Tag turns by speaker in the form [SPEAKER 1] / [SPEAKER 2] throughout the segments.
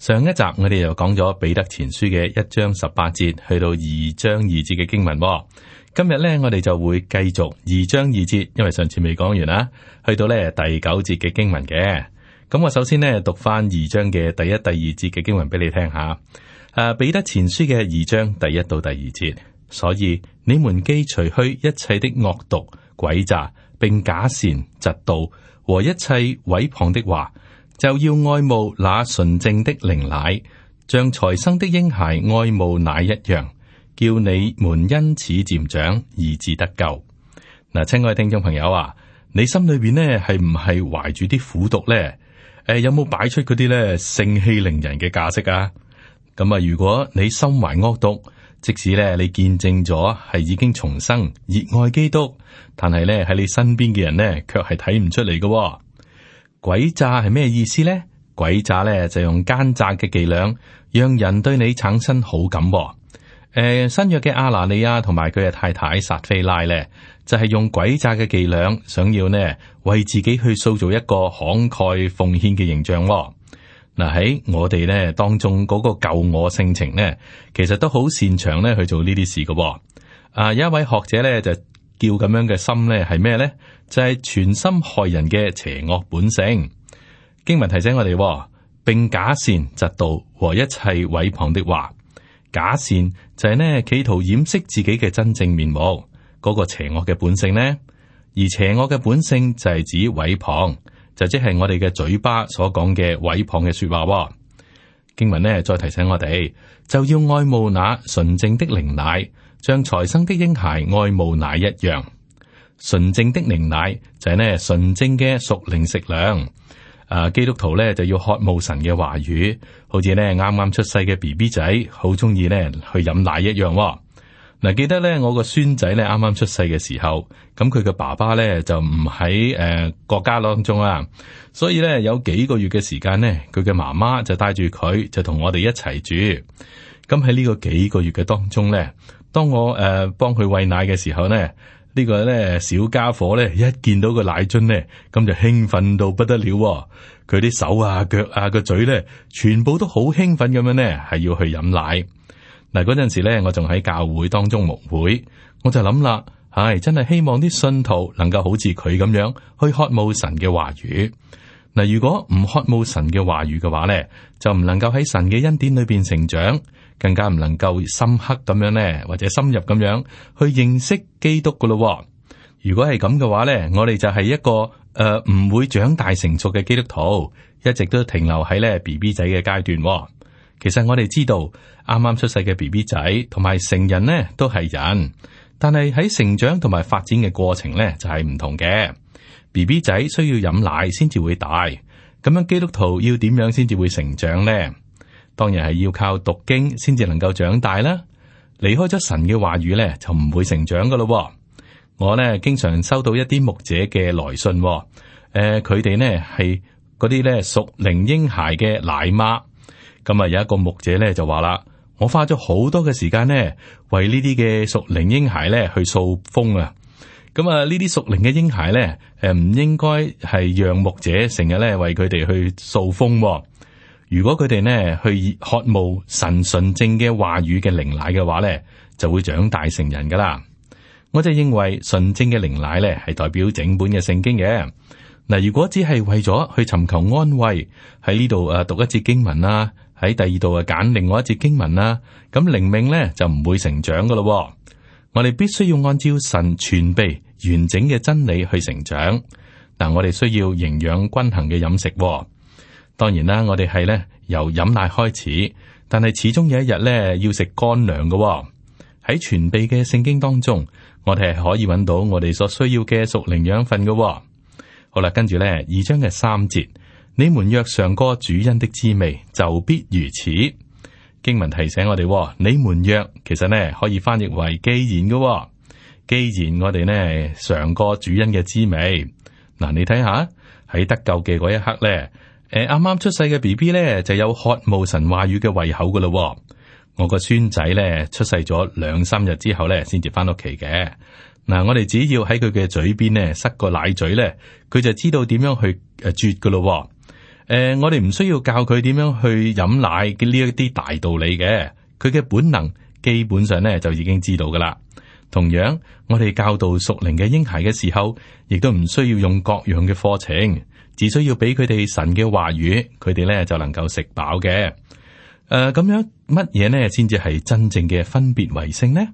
[SPEAKER 1] 上一集我哋又講咗彼得前書嘅一章十八節去到二章二節嘅經文，今日呢，我哋就會繼續二章二節，因為上次未講完啦，去到呢第九節嘅經文嘅。咁我首先呢，讀翻二章嘅第一、第二節嘅經文俾你聽下。誒、啊，彼得前書嘅二章第一到第二節，所以你們既除去一切的惡毒、詭詐，並假善、嫉妒和一切毀謗的話。就要愛慕那純正的靈奶，像才生的嬰孩愛慕奶一樣，叫你們因此漸長，以致得救。嗱、啊，親愛的聽眾朋友啊，你心裏邊咧係唔係懷住啲苦毒呢？誒、啊，有冇擺出嗰啲呢盛氣凌人嘅架式啊？咁啊，如果你心懷惡毒，即使呢你見證咗係已經重生，熱愛基督，但係呢喺你身邊嘅人呢，卻係睇唔出嚟噶。鬼詐係咩意思呢？鬼詐咧就用奸詐嘅伎倆，讓人對你產生好感、哦。誒、呃，新約嘅亞拿尼亞同埋佢嘅太太撒非拉咧，就係、是、用鬼詐嘅伎倆，想要呢為自己去塑造一個慷慨奉獻嘅形象、哦。嗱、哎、喺我哋呢當中嗰個舊我性情呢，其實都好擅長呢去做呢啲事嘅。啊，有一位學者呢，就。叫咁樣嘅心呢係咩呢？就係、是、全心害人嘅邪惡本性。經文提醒我哋，並假善、嫉妒和一切毀謗的話。假善就係呢企圖掩飾自己嘅真正面目嗰、那個邪惡嘅本性呢？而邪惡嘅本性就係指毀謗，就即係我哋嘅嘴巴所講嘅毀謗嘅說話。經文呢再提醒我哋，就要愛慕那純正的靈奶。像才生的嬰孩愛慕奶一樣，純正的靈奶就係呢純正嘅屬靈食糧。誒、啊，基督徒呢，就要渴慕神嘅話語，好似咧啱啱出世嘅 B B 仔好中意咧去飲奶一樣，哦。嗱、啊，記得呢，我個孫仔咧啱啱出世嘅時候，咁佢嘅爸爸呢，就唔喺誒國家當中啊，所以呢，有幾個月嘅時間呢，佢嘅媽媽就帶住佢就同我哋一齊住。咁喺呢個幾個月嘅當中呢，當我誒幫佢餵奶嘅時候咧，這個、呢個咧小家伙咧一見到個奶樽咧，咁就興奮到不得了、哦。佢啲手啊、腳啊、個嘴咧，全部都好興奮咁樣咧，係要去飲奶。嗱，嗰陣時咧，我仲喺教會當中蒙會，我就諗啦，唉、哎，真係希望啲信徒能夠好似佢咁樣去渴慕神嘅話語。嗱，如果唔渴慕神嘅話語嘅話咧，就唔能夠喺神嘅恩典裏邊成長。更加唔能夠深刻咁樣呢，或者深入咁樣去認識基督噶咯。如果係咁嘅話呢，我哋就係一個誒唔會長大成熟嘅基督徒，一直都停留喺咧 B B 仔嘅階段。其實我哋知道，啱啱出世嘅 B B 仔同埋成人呢都係人，但係喺成長同埋發展嘅過程呢就係唔同嘅。B B 仔需要飲奶先至會大，咁樣基督徒要點樣先至會成長呢？當然係要靠讀經先至能夠長大啦。離開咗神嘅話語咧，就唔會成長噶咯。我呢經常收到一啲牧者嘅來信，誒、呃，佢哋呢係嗰啲咧屬靈嬰孩嘅奶媽。咁、嗯、啊，有一個牧者咧就話啦，我花咗好多嘅時間呢，為、嗯、呢啲嘅屬靈嬰孩咧去掃風啊。咁啊，呢啲屬靈嘅嬰孩咧，誒，唔應該係讓牧者成日咧為佢哋去掃風。如果佢哋呢去渴慕神純正嘅話語嘅靈奶嘅話呢，就會長大成人噶啦。我就認為純正嘅靈奶呢，係代表整本嘅聖經嘅。嗱，如果只係為咗去尋求安慰，喺呢度誒讀一節經文啦，喺第二度啊揀另外一節經文啦，咁靈命呢就唔會成長噶咯。我哋必須要按照神全備完整嘅真理去成長。但我哋需要營養均衡嘅飲食。當然啦，我哋係咧由飲奶開始，但係始終有一日咧要食乾糧噶喺傳備嘅聖經當中，我哋係可以揾到我哋所需要嘅屬靈養分噶、哦。好啦，跟住咧二章嘅三節，你們若嘗過主恩的滋味，就必如此。經文提醒我哋，你們若其實咧可以翻譯為既然嘅、哦，既然我哋呢嘗過主恩嘅滋味，嗱，你睇下喺得救嘅嗰一刻咧。誒，啱啱出世嘅 BB 咧，就有渴慕神話語嘅胃口噶咯、哦。我個孫仔咧，出世咗兩三日之後咧，先至翻屋企嘅。嗱、啊，我哋只要喺佢嘅嘴邊咧塞個奶嘴咧，佢就知道點樣去誒啜噶咯。誒、呃，我哋唔需要教佢點樣去飲奶嘅呢一啲大道理嘅，佢嘅本能基本上咧就已經知道噶啦。同樣，我哋教導熟齡嘅嬰孩嘅時候，亦都唔需要用各樣嘅課程。只需要俾佢哋神嘅話語，佢哋咧就能夠食飽嘅。誒、呃，咁樣乜嘢呢，先至係真正嘅分別為聖呢？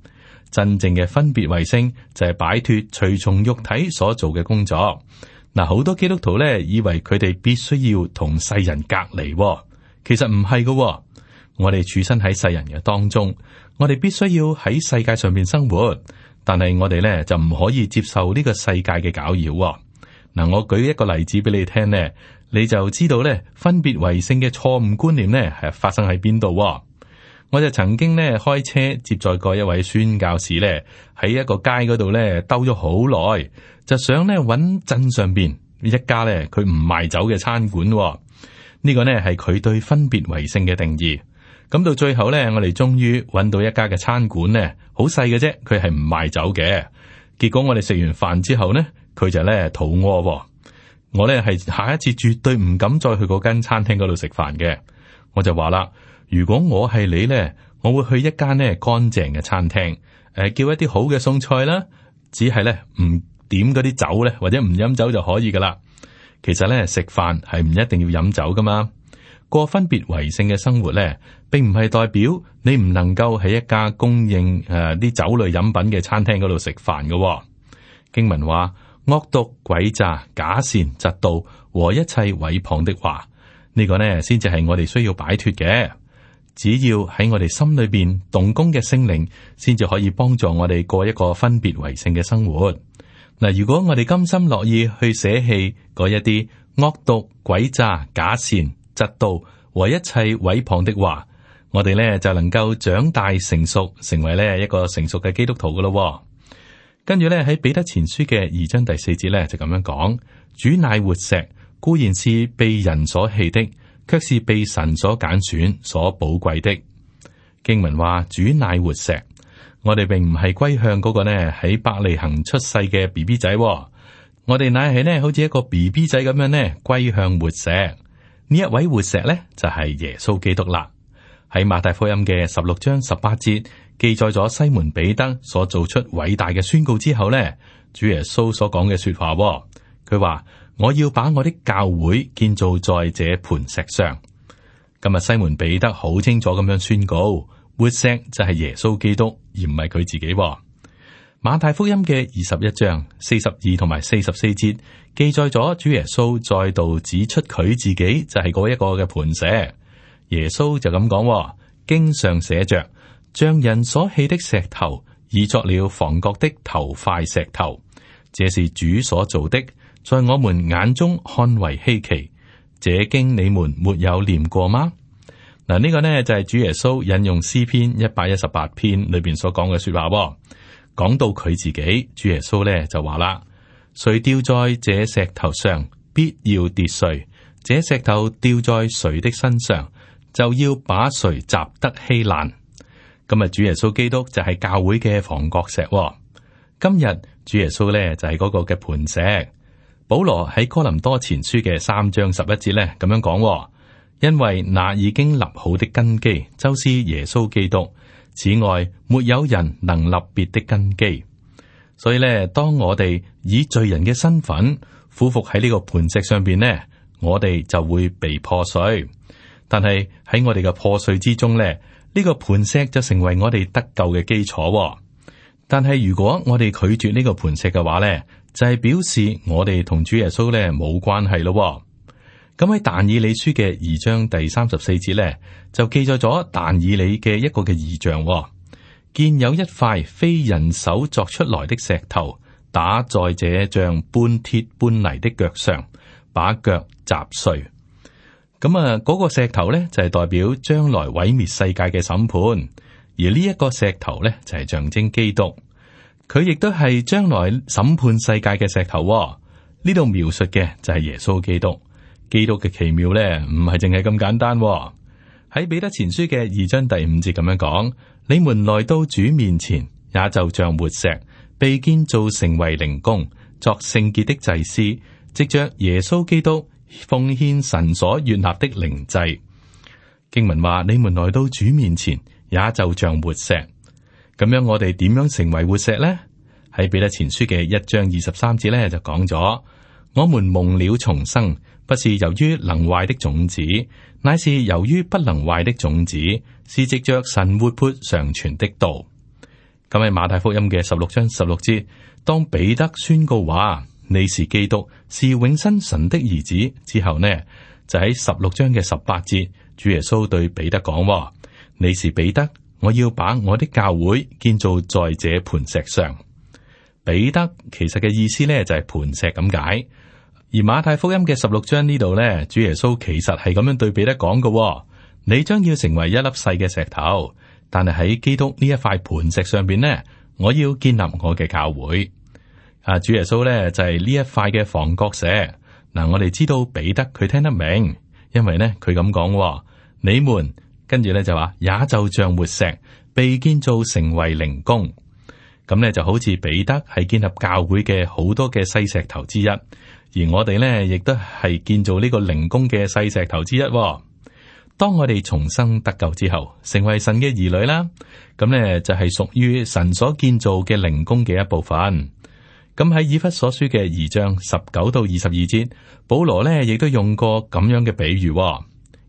[SPEAKER 1] 真正嘅分別為聖就係擺脫隨從肉體所做嘅工作。嗱、呃，好多基督徒咧以為佢哋必須要同世人隔離，哦，其實唔係嘅。我哋處身喺世人嘅當中，我哋必須要喺世界上面生活，但係我哋咧就唔可以接受呢個世界嘅攪擾。嗱，我舉一個例子俾你聽呢，你就知道咧，分別為性嘅錯誤觀念呢係發生喺邊度。我就曾經呢開車接載過一位宣教士呢喺一個街嗰度呢兜咗好耐，就想呢揾鎮上邊一家呢佢唔賣酒嘅餐館。呢個呢係佢對分別為性嘅定義。咁到最後呢，我哋終於揾到一家嘅餐館呢，好細嘅啫，佢係唔賣酒嘅。結果我哋食完飯之後呢。佢就咧肚餓，我咧係下一次絕對唔敢再去嗰間餐廳嗰度食飯嘅。我就話啦，如果我係你咧，我會去一間咧乾淨嘅餐廳，誒叫一啲好嘅餸菜啦，只係咧唔點嗰啲酒咧，或者唔飲酒就可以噶啦。其實咧食飯係唔一定要飲酒噶嘛。過分別為聖嘅生活咧，並唔係代表你唔能夠喺一家供應誒啲酒類飲品嘅餐廳嗰度食飯噶。經文話。惡毒、詭詐、假善、嫉妒和一切毀謗的話，呢個呢先至係我哋需要擺脫嘅。只要喺我哋心裏邊動工嘅聖靈，先至可以幫助我哋過一個分別為聖嘅生活。嗱，如果我哋甘心樂意去捨棄嗰一啲惡毒、詭詐、假善、嫉妒和一切毀謗的話，我哋呢就能夠長大成熟，成為呢一個成熟嘅基督徒噶咯。跟住咧，喺彼得前書嘅二章第四節咧就咁樣講：主乃活石，固然是被人所棄的，卻是被神所揀選、所寶貴的。經文話：主乃活石，我哋並唔係歸向嗰個呢喺伯利恒出世嘅 B B 仔，我哋乃係呢，好似一個 B B 仔咁樣呢，歸向活石。呢一位活石呢，就係耶穌基督啦。喺馬太福音嘅十六章十八節。記載咗西門彼得所做出偉大嘅宣告之後呢主耶穌所講嘅說話，佢話我要把我的教會建造在這磐石上。今日西門彼得好清楚咁樣宣告，would say 就係耶穌基督，而唔係佢自己。馬太福音嘅二十一章四十二同埋四十四節記載咗主耶穌再度指出佢自己就係嗰一個嘅磐石。耶穌就咁講，經上寫着。像人所棄的石頭，已作了房角的頭塊石頭。這是主所做的，在我們眼中看為稀奇。這經你們沒有念過嗎？嗱，呢個呢就係主耶穌引用詩篇一百一十八篇裏邊所講嘅說話噃。講到佢自己，主耶穌呢就話啦：誰掉在這石頭上，必要跌碎；這石頭掉在誰的身上，就要把誰砸得稀爛。今日主耶穌基督就係教會嘅房角石，哦。今日主耶穌咧就係、是、嗰個嘅磐石。保羅喺哥林多前書嘅三章十一節咧咁樣講、哦，因為那已經立好的根基，就是耶穌基督。此外，沒有人能立別的根基。所以咧，當我哋以罪人嘅身份，俯伏喺呢個磐石上邊呢，我哋就會被破碎。但係喺我哋嘅破碎之中咧，呢個磐石就成為我哋得救嘅基礎，但係如果我哋拒絕呢個磐石嘅話呢，就係、是、表示我哋同主耶穌呢冇關係咯。咁喺但以理書嘅二章第三十四節呢，就記載咗但以理嘅一個嘅異象，見有一塊非人手作出來的石頭打在這像半鐵半泥的腳上，把腳砸碎。咁啊，嗰個石頭咧就係代表將來毀滅世界嘅審判，而呢一個石頭咧就係象徵基督，佢亦都係將來審判世界嘅石頭。呢度描述嘅就係耶穌基督，基督嘅奇妙咧唔係淨係咁簡單。喺彼得前書嘅二章第五節咁樣講：你們來到主面前，也就像活石被建造成為靈宮，作聖潔的祭司，藉着耶穌基督。奉獻神所悅納的靈祭，經文話：你們來到主面前，也就像活石。咁樣我哋點樣成為活石呢？喺彼得前書嘅一章二十三節呢就講咗：我們蒙了重生，不是由於能壞的種子，乃是由於不能壞的種子，是藉着神活潑常存的道。咁喺馬太福音嘅十六章十六節，當彼得宣告話。你是基督，是永生神的兒子。之後呢，就喺十六章嘅十八節，主耶穌對彼得講，你是彼得，我要把我的教會建造在這磐石上。彼得其實嘅意思呢，就係磐石咁解。而馬太福音嘅十六章呢度呢，主耶穌其實係咁樣對彼得講嘅，你將要成為一粒細嘅石頭，但係喺基督呢一塊磐石上邊呢，我要建立我嘅教會。啊！主耶穌咧就係呢一塊嘅房角石嗱。我哋知道彼得佢聽得明，因為咧佢咁講，你們跟住咧就話也就像活石被建造成為靈宮咁咧，就好似彼得係建立教會嘅好多嘅細石頭之一，而我哋咧亦都係建造呢個靈宮嘅細石頭之一。當我哋重生得救之後，成為神嘅兒女啦，咁咧就係屬於神所建造嘅靈宮嘅一部分。咁喺以弗所書嘅二章十九到二十二節，保羅呢亦都用過咁樣嘅比喻，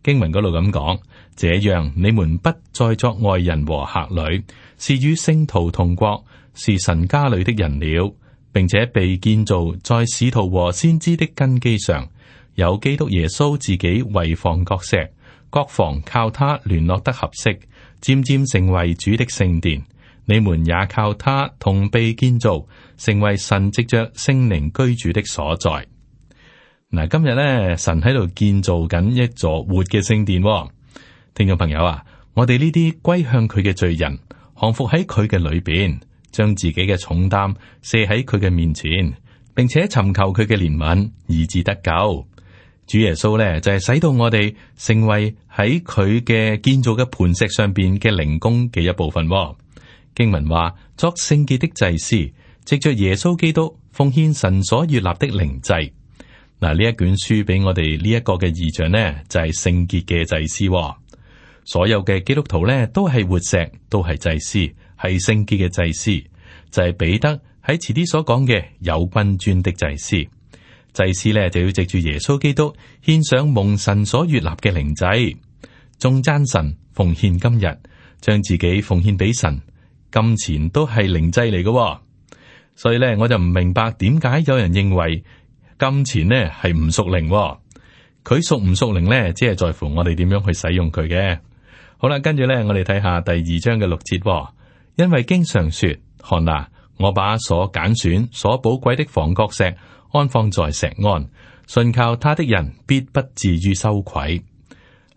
[SPEAKER 1] 經文嗰度咁講，這樣你們不再作外人和客旅，是與聖徒同國，是神家裏的人了，並且被建造在使徒和先知的根基上，有基督耶穌自己為房角石，各房靠他聯絡得合適，漸漸成為主的聖殿。你們也靠他同被建造。 成為神藉着聖靈居住的所在。嗱，今日咧，神喺度建造緊一座活嘅聖殿，哦。聽眾朋友啊，我哋呢啲歸向佢嘅罪人，降服喺佢嘅裏邊，將自己嘅重擔卸喺佢嘅面前，並且尋求佢嘅憐憫，以至得救。主耶穌呢，就係、是、使到我哋成為喺佢嘅建造嘅磐石上邊嘅靈宮嘅一部分，哦。經文話作聖潔的祭司。藉着耶穌基督奉獻神所悅納的靈祭，嗱呢一卷書俾我哋呢一個嘅異象呢，就係聖潔嘅祭司。所有嘅基督徒呢都係活石，都係祭司，係聖潔嘅祭司，就係、是、彼得喺遲啲所講嘅有君尊的祭司。祭司呢就要藉住耶穌基督獻上蒙神所悅納嘅靈祭，仲讚神奉獻今日將自己奉獻俾神，金錢都係靈祭嚟噶。所以咧，我就唔明白點解有人認為金錢呢係唔屬靈。佢屬唔屬靈呢，只係在乎我哋點樣去使用佢嘅。好啦，跟住咧，我哋睇下第二章嘅六節。因為經常說，看哪，我把所揀選、所寶貴的房角石安放在錫安，信靠他的人必不至於羞愧。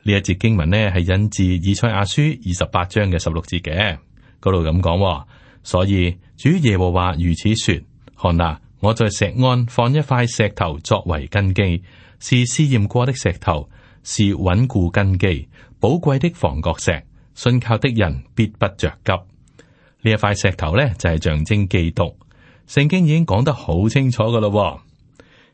[SPEAKER 1] 呢一節經文呢，係引自以賽亞書二十八章嘅十六節嘅，嗰度咁講。所以主耶和華如此說：看啊，我在石岸放一塊石頭作為根基，是試驗過的石頭，是穩固根基、寶貴的房角石。信靠的人必不着急。呢一塊石頭咧就係、是、象徵基督。聖經已經講得好清楚噶啦。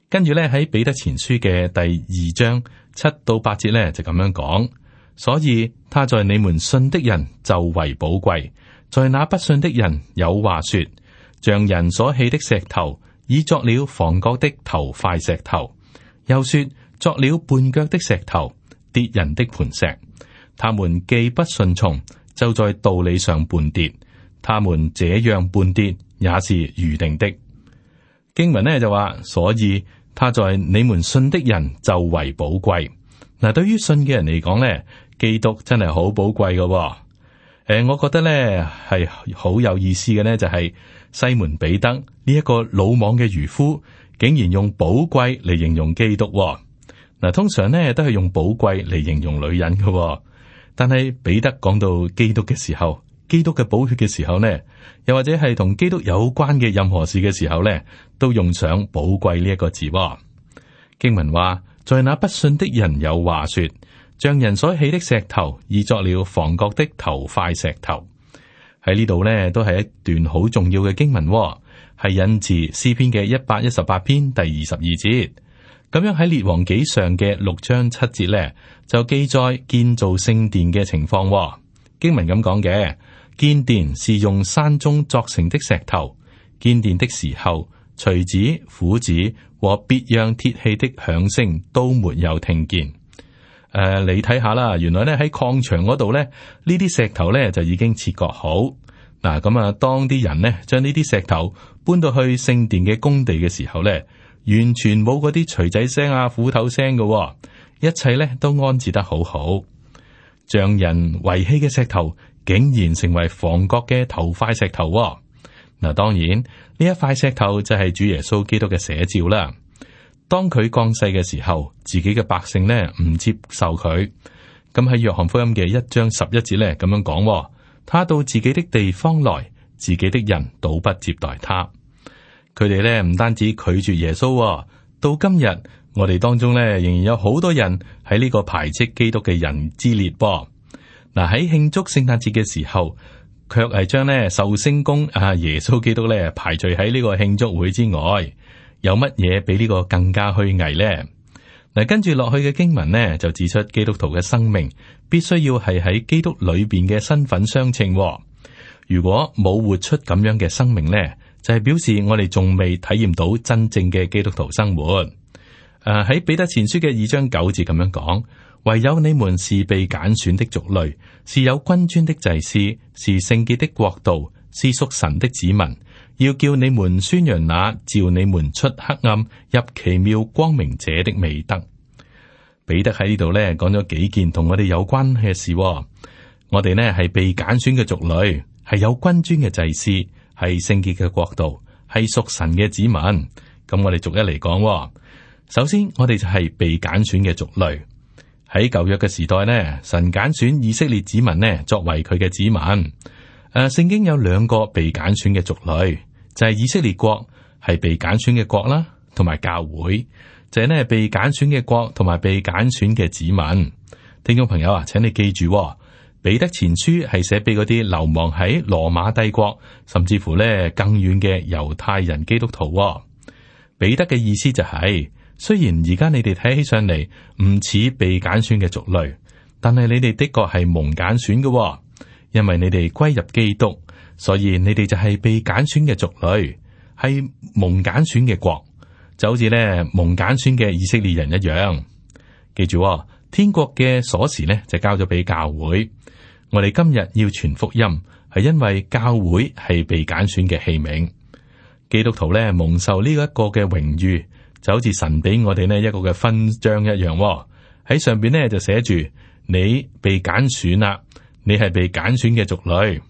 [SPEAKER 1] 跟住咧喺彼得前書嘅第二章七到八節咧就咁樣講。所以他在你們信的人就為寶貴。在那不信的人有話說，匠人所棄的石頭，已作了房角的頭塊石頭；又說作了絆腳的石頭，跌人的磐石。他們既不順從，就在道理上絆跌。他們這樣絆跌，也是預定的。經文呢就話，所以他在你們信的人就為寶貴。嗱，對於信嘅人嚟講呢，基督真係好寶貴噶。誒， 我覺得呢係好有意思嘅，呢就係西門彼得呢一個魯莽嘅漁夫，竟然用寶貴嚟形容基督、哦。嗱，通常呢都係用寶貴嚟形容女人嘅、哦，但係彼得講到基督嘅時候，基督嘅寶血嘅時候呢，又或者係同基督有關嘅任何事嘅時候呢，都用上寶貴呢一個字、哦。經文話，在那不信的人有話說。像人所起的石頭，已作了房角的頭塊石頭。喺呢度呢，都係一段好重要嘅經文、哦，係引自詩篇嘅一百一十八篇第二十二節。咁樣喺列王紀上嘅六章七節呢，就記載建造聖殿嘅情況、哦。經文咁講嘅，建殿是用山中作成的石頭。建殿的時候，錘子、斧子和別樣鐵器的響聲都沒有聽見。誒、呃，你睇下啦，原來咧喺礦場嗰度咧呢啲石頭咧就已經切割好嗱。咁啊，當啲人呢將呢啲石頭搬到去聖殿嘅工地嘅時候咧，完全冇嗰啲錘仔聲啊、斧頭聲嘅、哦，一切咧都安置得好好。匠人遺棄嘅石頭，竟然成為房角嘅頭塊石頭、哦。嗱、啊，當然呢一塊石頭就係主耶穌基督嘅寫照啦。當佢降世嘅時候，自己嘅百姓呢唔接受佢。咁喺約翰福音嘅一章十一節呢，咁樣講：他到自己的地方來，自己的人倒不接待他。佢哋呢唔單止拒絕耶穌，到今日我哋當中呢仍然有好多人喺呢個排斥基督嘅人之列。噃。嗱，喺慶祝聖誕節嘅時候，卻係將呢壽星公啊耶穌基督呢排除喺呢個慶祝會之外。有乜嘢比呢個更加虛偽呢？嗱，跟住落去嘅經文呢，就指出基督徒嘅生命必須要係喺基督裏邊嘅身份相稱，哦。如果冇活出咁樣嘅生命呢，就係、是、表示我哋仲未體驗到真正嘅基督徒生活。誒、啊，喺彼得前書嘅二章九字咁樣講：唯有你們是被揀選的族類，是有君尊的祭司，是聖潔的國度，是屬神的子民。要叫你們宣揚那召你們出黑暗、入奇妙光明者的美德。彼得喺呢度咧講咗幾件同我哋有關嘅事。我哋呢係被揀選嘅族類，係有君尊嘅祭司，係聖潔嘅國度，係屬神嘅子民。咁我哋逐一嚟講。首先，我哋就係被揀選嘅族類。喺舊約嘅時代呢神揀選以色列子民呢作為佢嘅子民。誒、啊，聖經有兩個被揀選嘅族類。就係以色列國係被揀選嘅國啦，同埋教會，就係呢被揀選嘅國同埋被揀選嘅子民。聽眾朋友啊，請你記住，彼得前書係寫俾嗰啲流亡喺羅馬帝國，甚至乎呢更遠嘅猶太人基督徒。彼得嘅意思就係，雖然而家你哋睇起上嚟唔似被揀選嘅族類，但係你哋的確係蒙揀選嘅，因為你哋歸入基督。所以你哋就係被揀選嘅族類，係蒙揀選嘅國，就好似咧蒙揀選嘅以色列人一樣。記住哦，天國嘅鎖匙咧就交咗俾教會。我哋今日要傳福音，係因為教會係被揀選嘅器皿。基督徒咧蒙受呢一個嘅榮譽，就好似神俾我哋呢一個嘅勳章一樣哦，喺上邊咧就寫住你被揀選啦，你係被揀選嘅族類。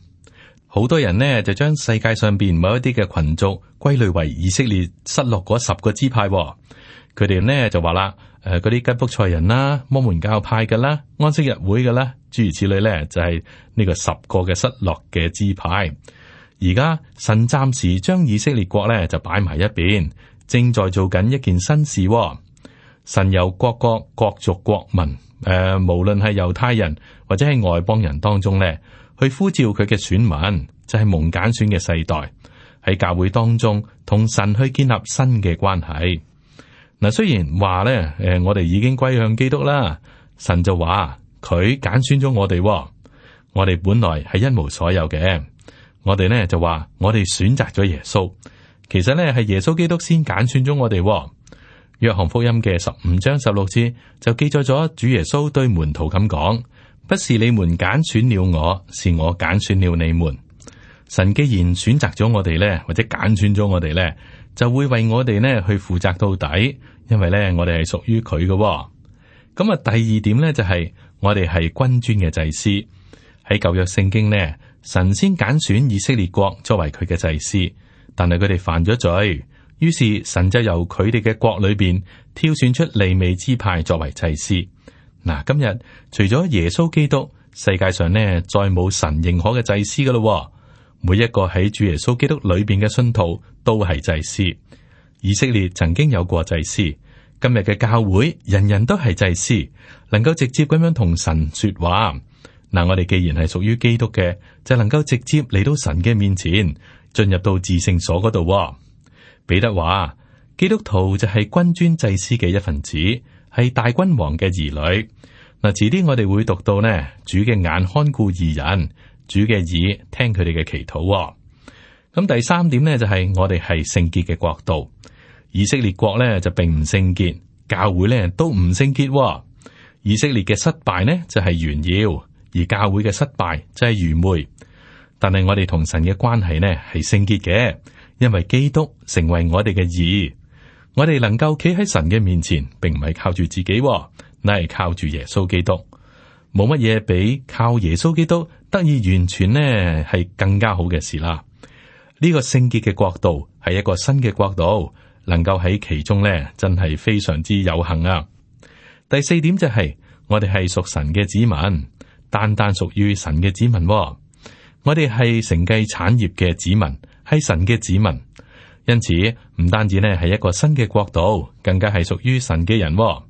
[SPEAKER 1] 好多人呢，就將世界上邊某一啲嘅群族歸類為以色列失落嗰十個支派，佢哋呢，就話啦，誒嗰啲吉卜賽人啦、摩門教派嘅啦、安息日會嘅啦，諸如此類咧就係呢個十個嘅失落嘅支派。而家神暫時將以色列國呢，就擺埋一邊，正在做緊一件新事。神由各國、各族、國民，誒、呃，無論係猶太人或者係外邦人當中呢。去呼召佢嘅選民，就係蒙揀選嘅世代，喺教會當中同神去建立新嘅關係。嗱，雖然話咧，誒，我哋已經歸向基督啦，神就話佢揀選咗我哋，我哋本來係一無所有嘅，我哋呢，就話我哋選擇咗耶穌，其實呢，係耶穌基督先揀選咗我哋。約翰福音嘅十五章十六節就記載咗主耶穌對門徒咁講。不是你們揀選了我，是我揀選了你們。神既然選擇咗我哋咧，或者揀選咗我哋咧，就會為我哋咧去負責到底，因為咧我哋係屬於佢嘅。咁啊，第二點咧就係、是、我哋係君尊嘅祭司。喺舊約聖經咧，神先揀選以色列國作為佢嘅祭司，但係佢哋犯咗罪，於是神就由佢哋嘅國裏邊挑選出利未支派作為祭司。嗱，今日除咗耶穌基督，世界上呢再冇神認可嘅祭司噶咯。每一個喺主耶穌基督裏邊嘅信徒都係祭司。以色列曾經有過祭司，今日嘅教會人人都係祭司，能夠直接咁樣同神說話。嗱，我哋既然係屬於基督嘅，就能夠直接嚟到神嘅面前，進入到至聖所嗰度。彼得話：基督徒就係君尊祭司嘅一份子。係大君王嘅兒女，嗱，遲啲我哋會讀到呢。主嘅眼看顧義人，主嘅耳聽佢哋嘅祈禱。咁第三點呢，就係我哋係聖潔嘅國度。以色列國呢就並唔聖潔，教會呢都唔聖潔。以色列嘅失敗呢就係炫耀，而教會嘅失敗就係愚昧。但係我哋同神嘅關係呢係聖潔嘅，因為基督成為我哋嘅義。我哋能夠企喺神嘅面前，並唔係靠住自己，乃係靠住耶穌基督。冇乜嘢比靠耶穌基督得以完全呢係更加好嘅事啦。呢、這個聖潔嘅國度係一個新嘅國度，能夠喺其中呢，真係非常之有幸啊！第四點就係、是、我哋係屬神嘅子民，單單屬於神嘅子，子民。我哋係承繼產業嘅子民，係神嘅子民。因此，唔單止呢係一個新嘅國度，更加係屬於神嘅人、哦。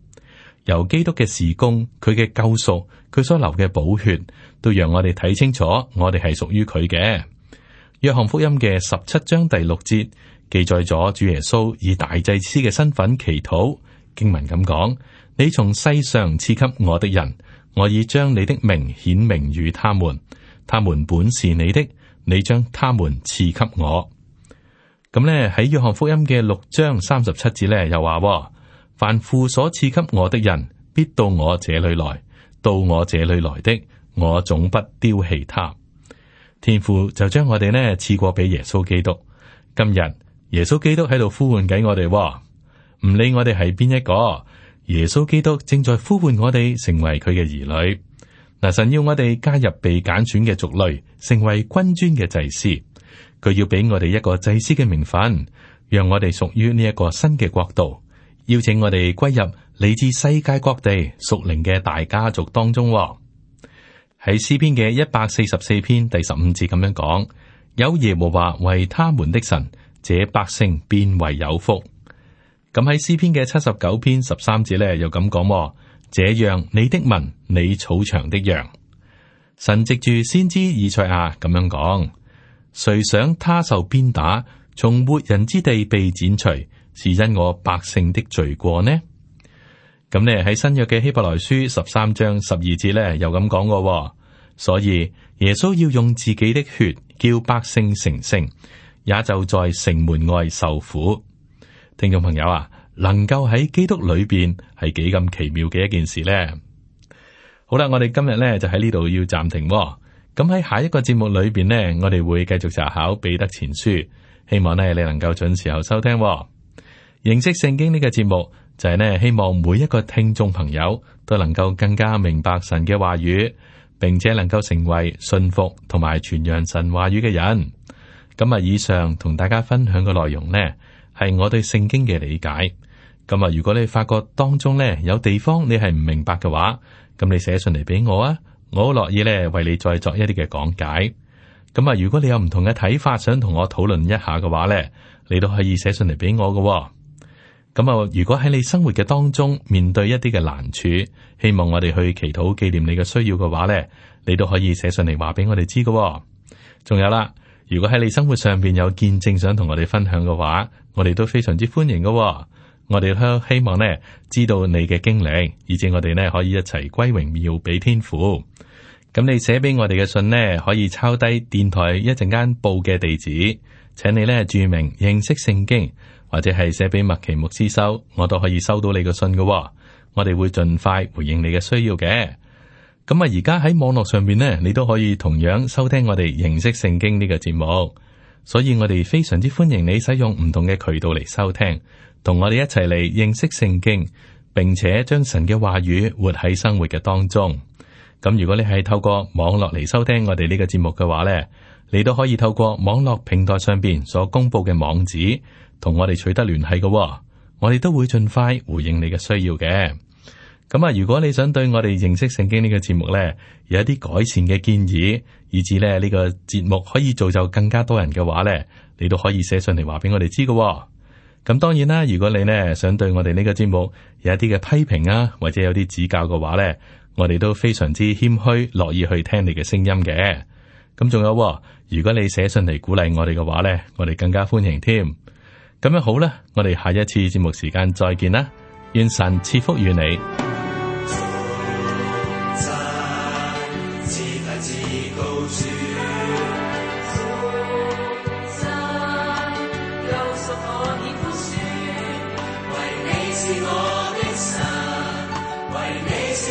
[SPEAKER 1] 由基督嘅事工、佢嘅救贖、佢所流嘅寶血，都讓我哋睇清楚，我哋係屬於佢嘅。約翰福音嘅十七章第六節記載咗主耶穌以大祭司嘅身份祈禱，經文咁講：「你從世上賜給我的人，我已將你的名顯明與他們，他們本是你的，你將他們賜給我。咁呢，喺約翰福音嘅六章三十七節呢，又話：凡父所賜給我的人，必到我這裡來；到我這裡來的，我總不丟棄他。天父就將我哋呢賜過俾耶穌基督。今日耶穌基督喺度呼喚緊我哋，唔理我哋係邊一個，耶穌基督正在呼喚我哋成為佢嘅兒女。嗱，神要我哋加入被揀選嘅族類，成為君尊嘅祭司。佢要俾我哋一個祭司嘅名分，讓我哋屬於呢一個新嘅國度，邀請我哋歸入嚟自世界各地屬靈嘅大家族當中，哦。喺詩篇嘅一百四十四篇第十五節咁樣講：有耶和華為他們的神，這百姓變為有福。咁喺詩篇嘅七十九篇十三節呢，又咁講、哦：這樣你的民，你草場的羊，神藉住先知以賽亞咁樣講。誰想他受鞭打，從活人之地被剪除，是因我百姓的罪過呢？咁咧喺新約嘅希伯來書十三章十二節呢，又咁講過，所以耶穌要用自己的血叫百姓成聖，也就在城門外受苦。聽眾朋友啊，能夠喺基督裏邊係幾咁奇妙嘅一件事呢？好啦，我哋今日呢，就喺呢度要暫停。咁喺下一個節目裏邊呢，我哋會繼續查考彼得前書，希望呢你能夠準時候收聽、哦，認識聖經呢個節目就係呢，希望每一個聽眾朋友都能夠更加明白神嘅話語，並且能夠成為信服同埋傳揚神話語嘅人。咁啊，以上同大家分享嘅內容呢，係我對聖經嘅理解。咁啊，如果你發覺當中呢有地方你係唔明白嘅話，咁你寫信嚟俾我啊！我好樂意咧為你再作一啲嘅講解。咁啊，如果你有唔同嘅睇法，想同我討論一下嘅話咧，你都可以寫信嚟俾我嘅。咁啊，如果喺你生活嘅當中面對一啲嘅難處，希望我哋去祈禱紀念你嘅需要嘅話咧，你都可以寫信嚟話俾我哋知嘅。仲有啦，如果喺你生活上邊有見證想同我哋分享嘅話，我哋都非常之歡迎嘅。我哋都希望呢知道你嘅經歷，以至我哋呢可以一齊歸榮耀俾天父。咁你寫俾我哋嘅信呢，可以抄低電台一陣間報嘅地址，請你呢注明認識聖經，或者係寫俾麥奇牧師收，我都可以收到你嘅信嘅。我哋會盡快回應你嘅需要嘅。咁啊，而家喺網絡上面呢，你都可以同樣收聽我哋認識聖經呢個節目，所以我哋非常之歡迎你使用唔同嘅渠道嚟收聽。同我哋一齊嚟認識聖經，並且將神嘅話語活喺生活嘅當中。咁如果你係透過網絡嚟收聽我哋呢個節目嘅話呢，你都可以透過網絡平台上邊所公布嘅網址，同我哋取得聯繫嘅。我哋都會盡快回應你嘅需要嘅。咁啊，如果你想對我哋認識聖經呢個節目呢，有一啲改善嘅建議，以至咧呢個節目可以造就更加多人嘅話呢，你都可以寫信嚟話俾我哋知嘅。咁當然啦，如果你呢想對我哋呢個節目有一啲嘅批評啊，或者有啲指教嘅話呢，我哋都非常之謙虛，樂意去聽你嘅聲音嘅。咁仲有，如果你寫信嚟鼓勵我哋嘅話呢，我哋更加歡迎添。咁樣好啦，我哋下一次節目時間再見啦，願神賜福與你。